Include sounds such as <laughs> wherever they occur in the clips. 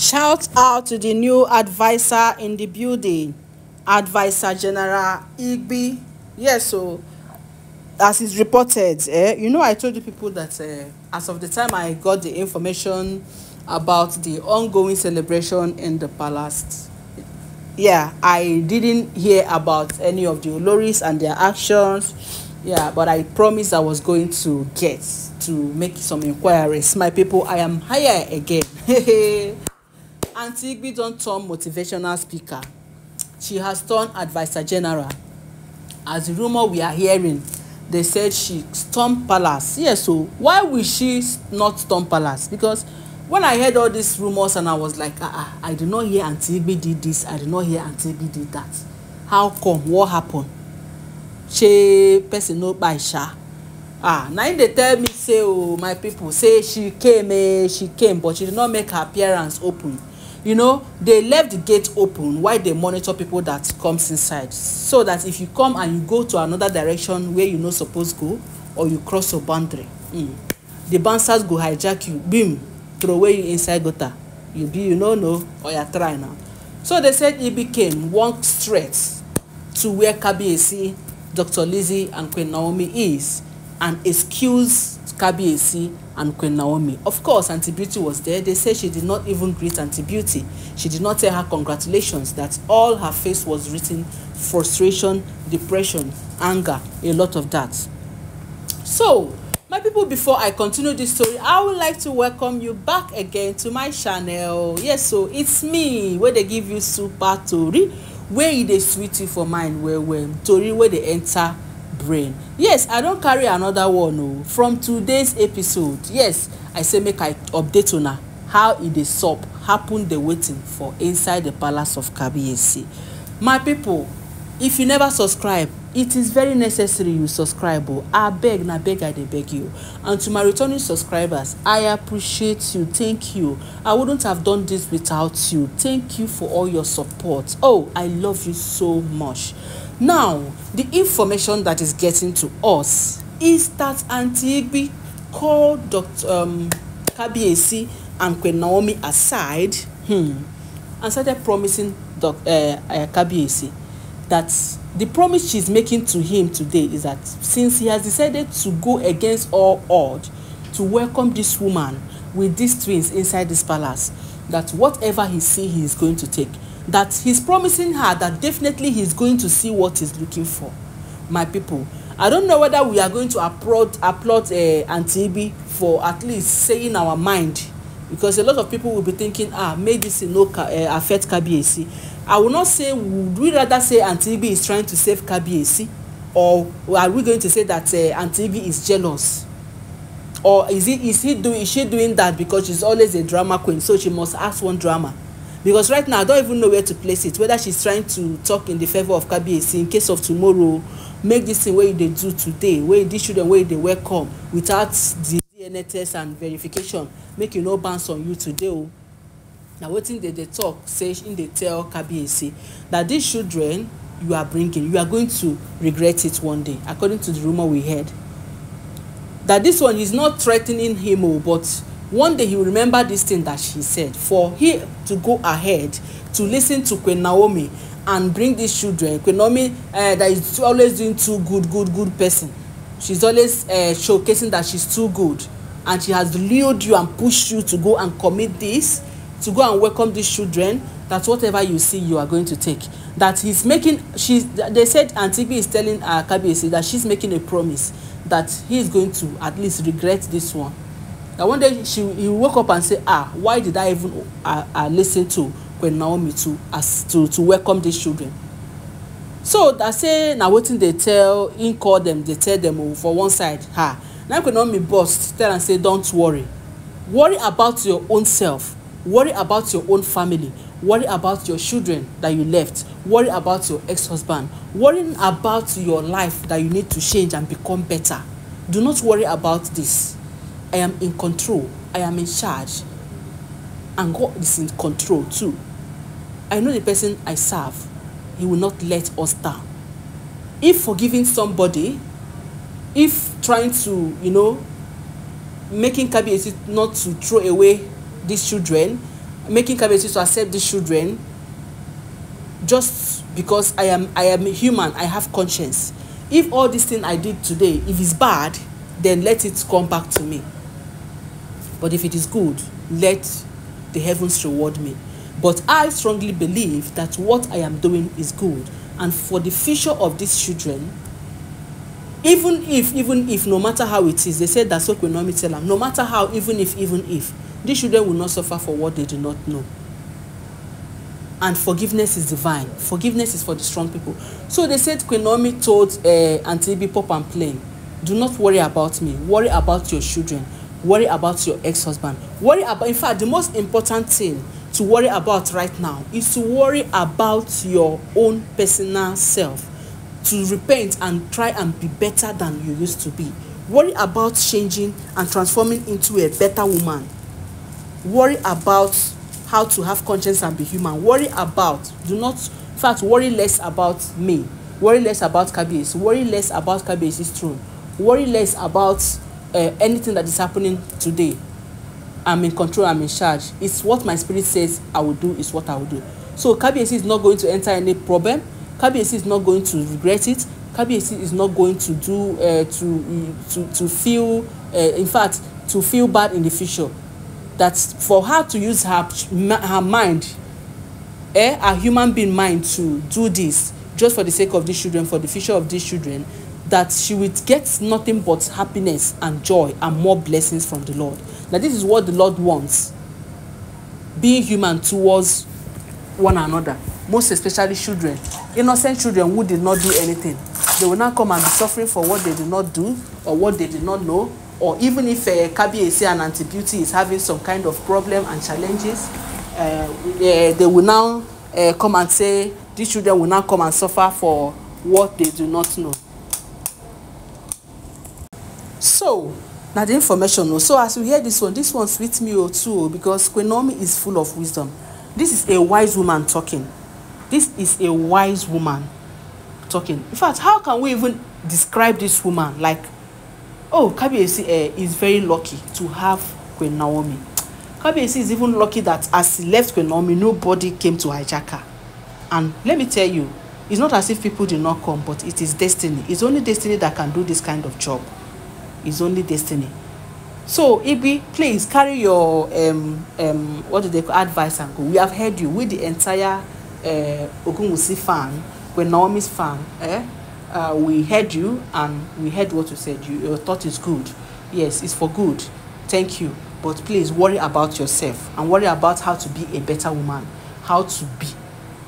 Shout out to the new advisor in the building, Advisor General Igby. Yes, so as is reported, eh, you know, I told the people that eh, as of the time I got the information about the ongoing celebration in the palace, yeah, I didn't hear about any of the Oloris and their actions. Yeah, but I promised I was going to get to make some inquiries. My people, I am higher again. <laughs> Aunty Igbi don turn motivational speaker. She has turned adviser general. As the rumour we are hearing, they said she stormed palace. Yes so why will she not storm palace? Because when I heard all these rumors and I was like, ah ah, I did not hear Aunty Igbi did this, I did not hear Aunty Igbi did that. How come? What happened? She person no by ṣá? ah now they tell me say oh, my people say she came eh she came but she did not make her appearance open you know they left the gate open while they monitor people that comes inside so that if you come and you go to another direction where you no suppose go or you cross your boundary mm, the bouncers go hijack you bim throway you inside gutter you be you no know or you try now so they said he became walk straight to where kabiyesi dr lizzie and queen naomi is and excuse Kabiesi, and Queen Naomi. Of course, Auntie Beauty was there. They say she did not even greet Auntie Beauty. She did not tell her congratulations, that all her face was written frustration, depression, anger, a lot of that. So, my people before i continue this story i would like to welcome you back again to my channel yes so it's me wey dey give you super tori wey e dey sweet you for mind well well tori wey dey enter brain yes i don carry another one o oh, from today's episode yes i say make i update una how e dey sup happen dey waiting for inside the palace of kabiyesi my people if you never subscribe, it is very necessary you subscribe o oh. abeg na beg i dey beg you and to my returning subscribers i appreciate you thank you i wouldn't have done this without you thank you for all your support oh i love you so much Now, the information that is getting to us is that Aunty Igbi called Dr. Um, Kabiyesi and Queen Naomi aside hmm, and started promising Dr. uh, uh Kabiyesi that the promise she is making to him today is that since he has decided to go against all odds to welcome this woman with these twins inside this palace that whatever he see he is going to take that he's promising her that definitely he's going to see what he's looking for my people i don't know whether we are going to applaud applaud uh, aunty ibi for at least saying our mind because a lot of people will be thinking ah make this no ka, uh, eh, affect kabiyesi i will not say would we rather say aunty ibi is trying to save kabiyesi or are we going to say that uh, aunty ibi is jealous or is he is he doing is she doing that because she's always a drama queen so she must ask one drama because right now i don't even know where to place it whether she's trying to talk in the favour of kabiyesi in case of tomorrow make this thing wey you dey do today wey this children wey you dey welcome without the dna test and verification make you no bounce on you today o oh. na wetin dey dey talk say im dey tell kabiyesi that these children you are bringing you are going to regret it one day according to the rumour we heard that this one is not threatening him o oh, but one day he will remember this thing that she said for he to go ahead to listen to queen naomi and bring these children queen naomi uh, that is always doing too good good good person she's always uh, showcasing that she's too good and she has lured you and pushed you to go and commit this to go and welcome these children that whatever you see you are going to take that he's making she's they said antigbe is telling uh, kabiyesi that she's making a promise that he is going to at least regret this one that one day she he woke up and say ah why did i even ah ah listen to Queen Naomi to as to to welcome these children so that say na wetin dey tell him call dem dey tell dem o oh, for one side ha na Queen Naomi burst tell am say don't worry worry about your own self worry about your own family worry about your children that you left worry about your ex-husband worrying about your life that you need to change and become better do not worry about this I am in control. I am in charge. And God is in control too. I know the person I serve, He will not let us down. If forgiving somebody, if trying to, you know, making Kabiyesi not to throw away these children, making Kabiyesi to accept these children, just because I am I am human, I have conscience. If all this thing I did today, if it's bad, then let it come back to me. But if it is good, let the heavens reward me. But I strongly believe that what I am doing is good. And for the future of these children, even if, even if, no matter how it is, they said that so will not tell them, no matter how, even if, even if, these children will not suffer for what they do not know. And forgiveness is divine. Forgiveness is for the strong people. So they said Quenomi told uh, eh, Auntie Pop and Plain, do not worry about me, worry about your children. worry about your ex-husband worry about in fact the most important thing to worry about right now is to worry about your own personal self to repent and try and be better than you used to be worry about changing and transforming into a better woman worry about how to have conscience and be human worry about do not in fact worry less about me worry less about kabiyesi worry less about kabiyesi's throne worry less about uh, anything that is happening today i'm in control i'm in charge it's what my spirit says i will do is what i will do so KBC is not going to enter any problem KBC is not going to regret it KBC is not going to do uh, to to to feel uh, in fact to feel bad in the future that for her to use her her mind eh her human being mind to do this just for the sake of these children for the future of these children that she will get nothing but happiness and joy and more blessings from the Lord. Now, this is what the Lord wants being human towards one another, most especially children. Innocent children who did not do anything. They will now come and be suffering for what they did not do or what they did not know. Or even if uh, eh, Kabiesi and Auntie Beauty is having some kind of problem and challenges, uh, uh, they will now uh, come and say, these children will now come and suffer for what they do not know so na the information o so as you hear this one this one sweet me o oh, too o oh, because queen is full of wisdom this is a wise woman talking this is a wise woman talking in fact how can we even describe this woman like oh kabiyesi eh, is very lucky to have queen naomi kabiyesi is even lucky that as he left queen nobody came to hijack her and let me tell you it's not as if people did not come but it is destiny it's only destiny that can do this kind of job is only destiny so Ibi please carry your um, um, what do they call advice and go we have heard you with the entire uh, Ogunwusi fan we Naomi's fan eh? uh, we heard you and we heard what you said you, your thought is good yes it's for good thank you but please worry about yourself and worry about how to be a better woman how to be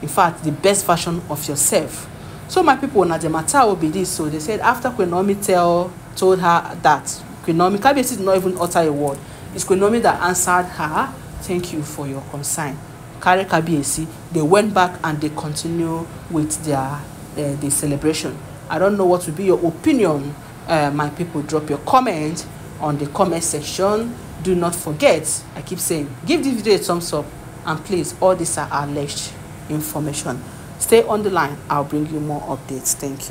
in fact the best version of yourself so my people na the matter will be this so they said after Queen Naomi tell told her that Queen Kabi did not even utter a word. It's Queen that answered her, thank you for your concern. Kare Kabiesi, they went back and they continue with their uh, the celebration. I don't know what will be your opinion, uh, my people. Drop your comment on the comment section. Do not forget, I keep saying, give this video a thumbs up and please, all these are alleged information. Stay on the line. I'll bring you more updates. Thank you.